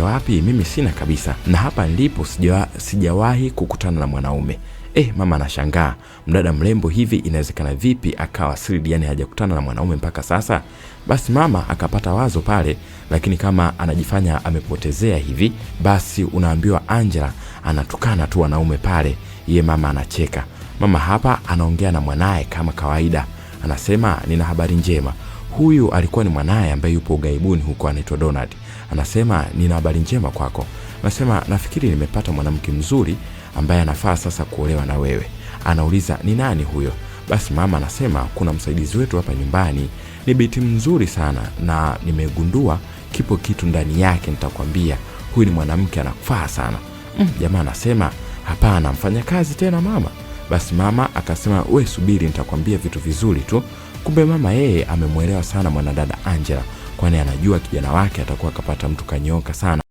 Wapi? Mimi sina kabisa, na hapa ndipo sijawa, sijawahi kukutana na mwanaume eh. Mama anashangaa mdada mrembo hivi, inawezekana vipi akawa siri, yani hajakutana na mwanaume mpaka sasa? Basi mama akapata wazo pale, lakini kama anajifanya amepotezea hivi, basi unaambiwa Angela anatukana tu wanaume pale, ye mama anacheka. Mama hapa anaongea na mwanaye kama kawaida, anasema nina habari njema Huyu alikuwa ni mwanaye ambaye yupo ugaibuni huko, anaitwa Donald. Anasema nina habari njema kwako, anasema nafikiri nimepata mwanamke mzuri ambaye anafaa sasa kuolewa na wewe. Anauliza ni nani huyo? Basi mama anasema kuna msaidizi wetu hapa nyumbani, ni binti mzuri sana na nimegundua kipo kitu ndani yake, nitakwambia huyu ni mwanamke anafaa sana. Mm, jamaa anasema hapana, mfanyakazi tena mama? Basi mama akasema, we subiri, nitakwambia vitu vizuri tu. Kumbe mama yeye amemwelewa sana mwanadada Angela, kwani anajua kijana wake atakuwa akapata mtu kanyoka sana.